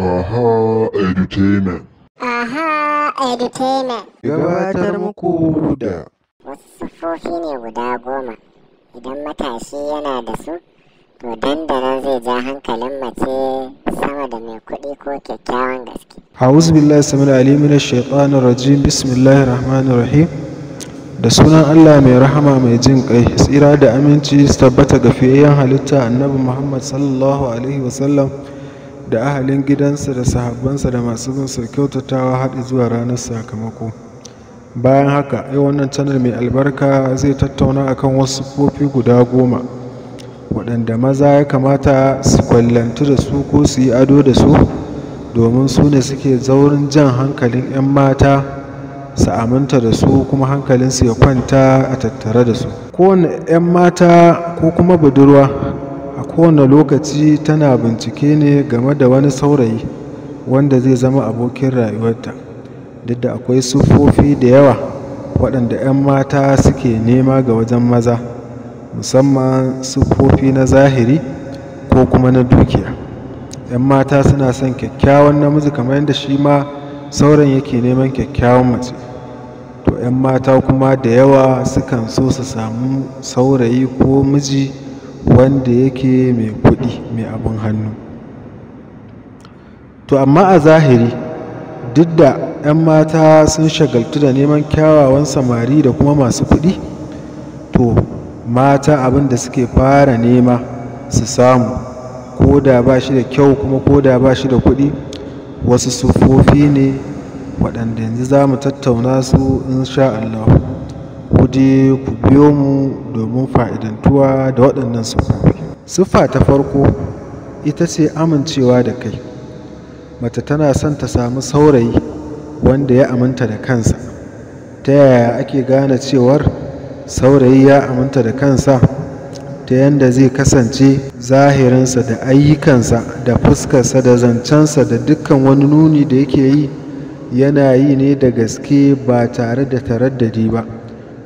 Aha Entertainment. Aha Entertainment. Gabatar muku da. Wasu siffofi ne guda goma. Idan matashi yana da su, to dandanan zai ja hankalin mace sama da mai kuɗi ko kyakkyawan gaske. A'udhu billahi samir da min ash-shaytanir rajim. Bismillahir rahmanir rahim. Da sunan Allah mai rahama mai jin kai, tsira da aminci su tabbata ga fiyayyen halitta Annabi Muhammad sallallahu alaihi wasallam. da ahalin gidansa da sahabbansa da masu bin kyautatawa haɗi zuwa ranar sakamako bayan haka yau wannan canar mai albarka zai tattauna akan wasu kofi guda goma waɗanda maza ya kamata su kwallantu da su ko su yi ado da su domin su ne suke zaurin jan hankalin 'yan mata su aminta da su kuma hankalinsu ya kwanta a tattare da su kowane 'yan mata ko kuma budurwa kowane lokaci tana bincike ne game da wani saurayi wanda zai zama abokin rayuwarta duk da akwai siffofi da yawa waɗanda 'yan mata suke nema ga wajen maza musamman siffofi na zahiri ko kuma na dukiya 'yan mata suna son kyakkyawan namiji kamar yadda shi ma sauran yake neman kyakkyawan mace to 'yan mata kuma da yawa sukan so su samu saurayi ko miji wanda yake mai kuɗi mai abin hannu to amma a zahiri duk da 'yan mata sun shagaltu da neman kyawawan samari da kuma masu kuɗi to mata abin da suke fara nema su samu ko da ba shi da kyau kuma ko da ba shi da kuɗi wasu sufofi ne waɗanda yanzu za mu tattauna su in sha Allah ku ku biyo mu domin fa'idantuwa da waɗannan siffofi siffa ta farko ita ce amincewa da kai mace tana son ta samu saurayi wanda ya aminta da kansa ta yaya ake gane cewar saurayi ya aminta da kansa ta yadda zai kasance zahirinsa da ayyukansa da fuskarsa da zancensa da dukkan wani nuni da yake yi yana yi ne da gaske ba tare da taraddadi ba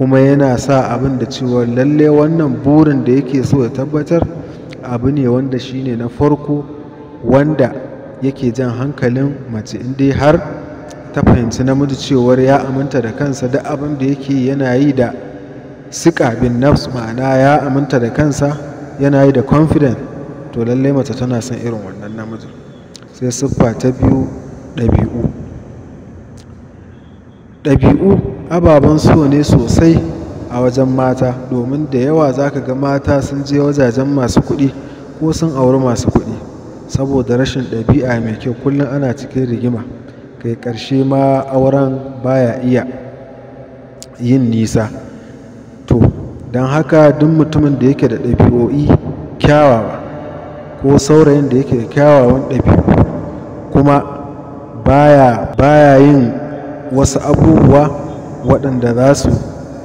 kuma yana sa abin da cewa lalle wannan burin da yake so ya tabbatar abu ne wanda shi ne na farko wanda yake jan hankalin mace inda har ta fahimci namiji cewar ya aminta da kansa da abin da yake yana yi da sika bin nafs ma'ana ya aminta da kansa yana yi da confident to lallai mace tana son irin wannan namiji. sai siffa ta biyu ɗabi'u ɗabi'u ababen so ne sosai a wajen mata domin da yawa za ka ga mata sun je wajajen masu kuɗi ko sun auri masu kuɗi saboda rashin ɗabi'a mai kyau kullum ana cikin rigima kai ƙarshe ma auren baya iya yin nisa to don haka duk mutumin da yake da ɗabi'o'i kyawawa ko saurayin da yake da kyawawan ɗabi'u kuma baya yin wasu abubuwa waɗanda za su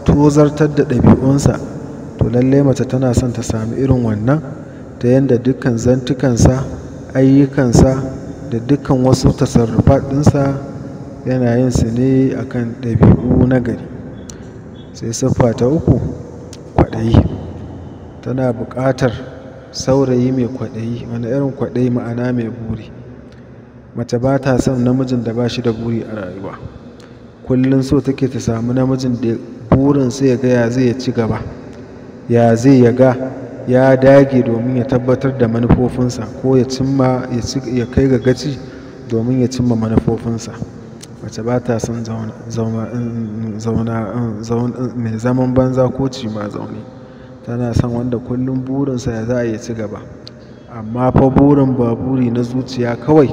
tozartar da ɗabi'unsa to lallai mace tana son ta sami irin wannan ta yadda dukkan zantukansa ayyukansa da dukkan wasu tasarrufa ɗinsa yana yin su ne akan ɗabi'u na gari sai siffa ta uku kwaɗayi tana buƙatar saurayi mai kwaɗayi wani irin kwaɗayi ma'ana mai buri mace ba ta son namijin da ba shi da buri a rayuwa kullum so take ta samu namijin da burinsa ya ga ya zai ci gaba ya zai ya ga ya dage domin ya tabbatar da manufofinsa ko ya cimma ya kai ga gaci domin ya cimma manufofinsa wace ba ta son mai zaman banza ko ma zaune tana son wanda kullum burinsa ya za a yi ci gaba amma fa burin ba buri na zuciya kawai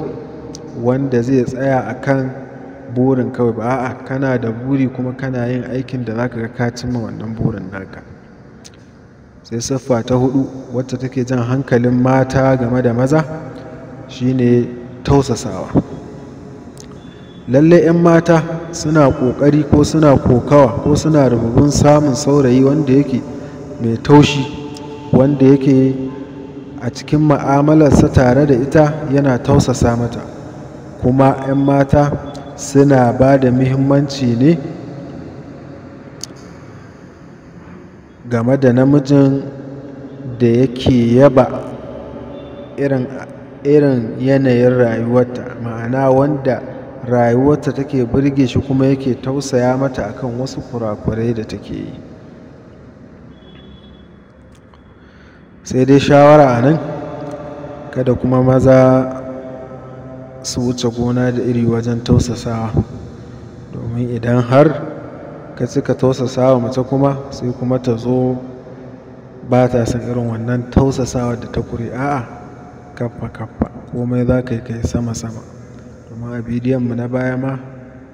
wanda zai tsaya a kan. burin kawai ba a'a kana da buri kuma kana yin aikin da zaka ga ka cimma wannan burin naka sai siffa ta hudu wacce take jan hankalin mata game da maza shine tausasawa lalle 'yan mata suna ƙoƙari ko suna kokawa ko suna rububin samun saurayi wanda yake mai taushi wanda yake a cikin ma'amalarsa tare da ita yana tausasa mata kuma 'yan mata suna ba da muhimmanci ne game da namijin da yake yaba irin irin yanayin rayuwarta ma'ana wanda rayuwarta take burge shi kuma yake tausaya mata akan wasu kurakurai da take yi sai dai shawara a nan kada kuma maza su wuce gona da iri wajen tausasawa domin idan har ka cika tausasawa mace kuma sai kuma ta zo ba ta san irin wannan tausasawa da ta kuri a'a kaffa kaffa komai za ka yi kai sama sama domin a bidiyon mu na baya ma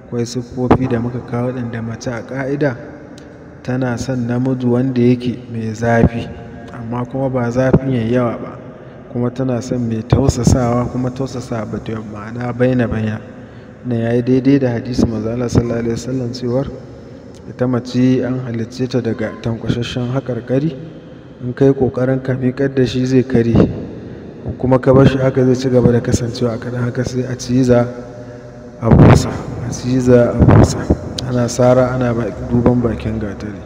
kwai siffofi da muka kawo da mace a ƙa'ida tana son namiji wanda yake mai zafi amma kuma ba zafin yayi yawa ba kuma tana son mai tausasawa kuma tausasa yi ma'ana baina baina na ya yi daidai da hadisi mazala sallallahu alaihi wasallam cewar ita mace an halicce ta daga tankwashashen haƙarƙari in kai ƙoƙarin ka miƙar da shi zai kare kuma ka bar shi haka zai ci gaba da kasancewa a kadan haka sai a ciza a busa a ciza a busa ana sara ana duban bakin gatari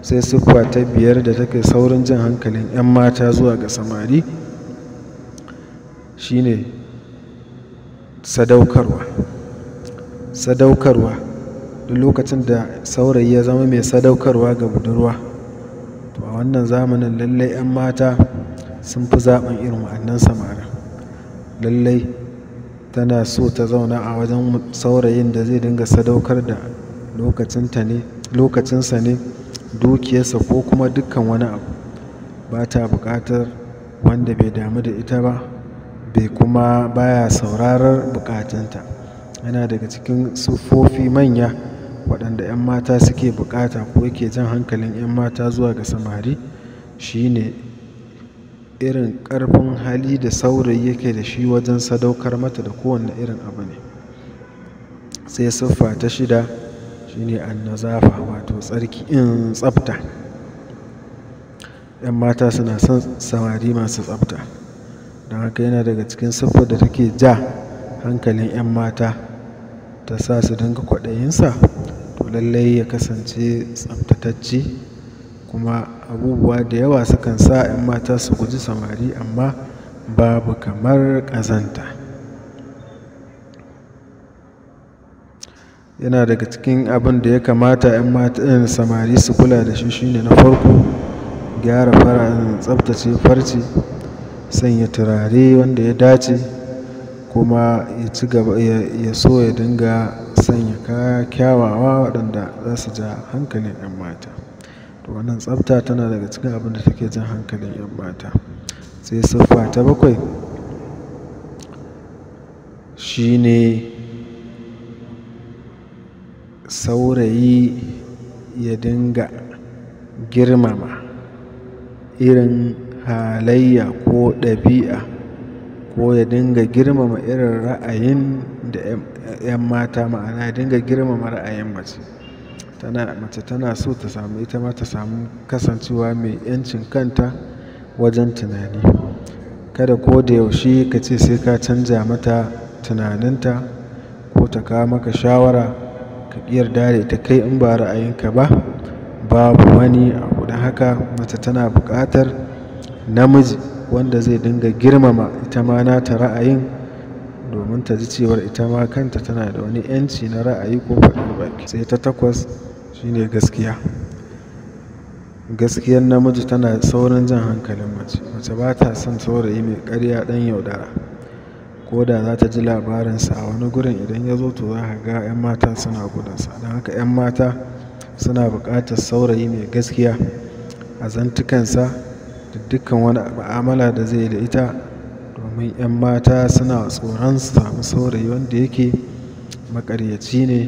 sai siffa ta biyar da take saurin jin hankalin 'yan mata zuwa ga samari shine sadaukarwa sadaukarwa duk lokacin da saurayi ya zama mai sadaukarwa ga budurwa to a wannan zamanin lallai 'yan mata sun fi zaɓin irin wa'annan samara lallai tana so ta zauna a wajen saurayin da zai dinga sadaukar da lokacinsa ne dukiyarsa ko kuma dukkan wani abu ba ta buƙatar wanda bai damu da ita ba bai kuma baya saurarar bukatunta yana daga cikin siffofi manya waɗanda 'yan mata suke bukata ko yake jan hankalin 'yan mata zuwa ga samari shine irin ƙarfin hali da saurayi yake da shi wajen sadaukar mata da kowane irin abu ne sai siffa ta shida shine annazafa wato tsarki in tsafta 'yan mata suna son samari masu tsafta don haka yana daga cikin siffar da take ja hankalin 'yan mata ta sa su dinga kwaɗayinsa to lallai ya kasance tsaftatacce kuma abubuwa da yawa sukan sa 'yan mata su guji samari amma babu kamar ƙazanta yana daga cikin abin da ya kamata 'yan matan samari su kula da shi shine na farko gyara fara tsaftace farce sanya turare wanda ya dace kuma ya ci gaba ya so ya dinga sanya kaya kyawawa waɗanda za su ja hankalin 'yan mata to wannan tsafta tana daga cikin abin da take jan hankalin 'yan mata sai siffa ta bakwai shine saurayi ya dinga girmama irin halayya ko ɗabi'a ko ya dinga girmama irin ra'ayin da 'yan mata ma'ana ya dinga girmama ra'ayin mace tana mace tana so ta samu ita ma ta samu kasancewa mai 'yancin kanta wajen tunani kada ko da yaushe ka ce sai ka canja mata tunaninta ko ta kawo maka shawara ka yarda da ita kai in ba ra'ayinka ba babu wani a haka mace tana buƙatar namiji wanda zai dinga girmama ita ma nata ra'ayin domin ta ji cewar ita ma kanta tana da wani 'yanci na ra'ayi ko faɗin baki sai ta takwas shine gaskiya gaskiyar namiji tana saurin jan hankalin mace mace ba ta son saurayi mai karya ɗan yaudara ko da za ta ji labarinsa a wani gurin idan ya zo to za ka ga 'yan mata suna gudunsa don haka 'yan mata suna buƙatar saurayi mai gaskiya a zantukansa da dukkan wani mu'amala da zai da ita domin 'yan mata suna tsoron su samu saurayi wanda yake makaryaci ne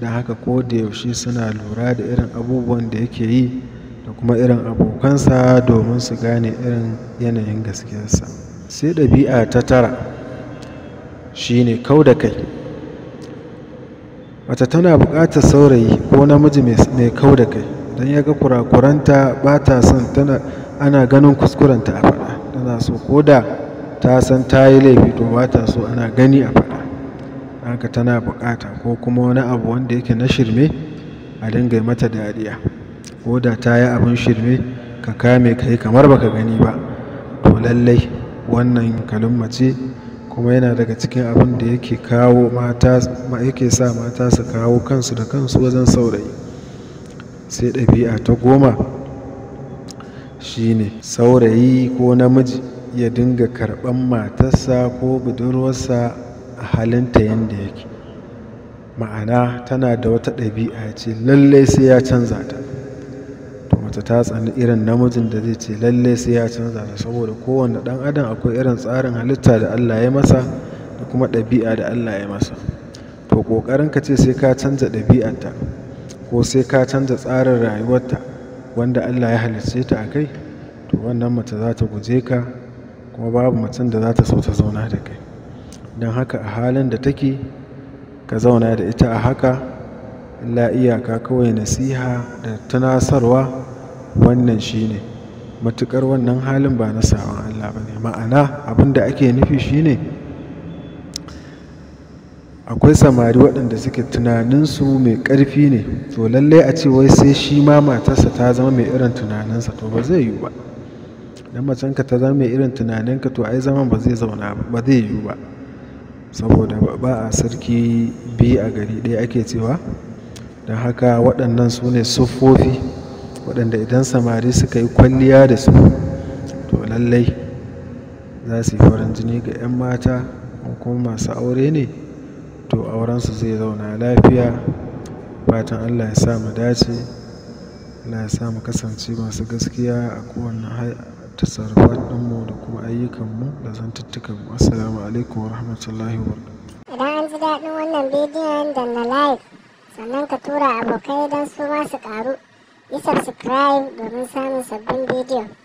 don haka ko da yaushe suna lura da irin abubuwan da yake yi da kuma irin abokansa domin su gane irin yanayin gaskiyarsa sai ɗabi'a ta tara shi ne kau da kai mace tana buƙatar saurayi ko namiji mai kau da kai don ya ga kurakuranta ba ta son tana ana ganin kuskurenta a faɗa tana so ko da ta san ta yi laifi to ba ta so ana gani a faɗa haka tana buƙata ko kuma wani abu wanda yake na shirme a dinga mata dariya ko da ta yi abin shirme ka kame ka yi kamar baka gani ba to lallai wannan kalumma kuma yana daga cikin abin da yake kawo mata yake sa mata su kawo kansu da kansu wajen saurayi sai ɗabi'a ta goma shine saurayi ko namiji ya dinga karɓan matarsa ko budurwarsa a halinta yadda yake ma'ana tana da wata ɗabi'a ce lallai sai ya canza ta to mace ta tsani irin namijin da zai ce lallai sai ya canza ta saboda kowane ɗan adam akwai irin tsarin halitta da allah ya masa da kuma ɗabi'a da allah ya masa to ƙoƙarin ka ce sai ka canza ɗabi'arta ko sai ka canza tsarin rayuwarta wanda Allah ya halicce ta a kai to wannan mace za ta guje ka kuma babu macen da za ta so ta zauna da kai don haka a halin da take ka zauna da ita a haka illa iyaka kawai nasiha da tunasarwa wannan shine matukar wannan halin ba na sawan Allah ba ne ma'ana abin da ake nufi shine ne akwai samari waɗanda suke tunaninsu mai ƙarfi ne to lallai a ce wai sai shi ma matarsa ta zama mai irin tunaninsa to ba zai yiwu ba idan macenka ta zama mai irin tunaninka to ai zaman ba zai zauna ba zai yiwu ba saboda ba a sarki biyu a gari ɗaya ake cewa don haka waɗannan su ne siffofi waɗanda idan samari suka yi kwalliya da su to lallai za su yi farin jini ga 'yan mata kuma masu aure ne to aurensu zai zauna lafiya fatan allah ya sa mu dace allah ya sa mu kasance masu gaskiya a kowane tasarrufat ɗinmu da kuma ayyukanmu da zantuttukanmu assalamu alaikum wa rahmatullahi wa idan an ji daɗin wannan bidiyon da na like sannan ka tura abokai don su ma su ƙaru yi subscribe domin samun sabbin bidiyo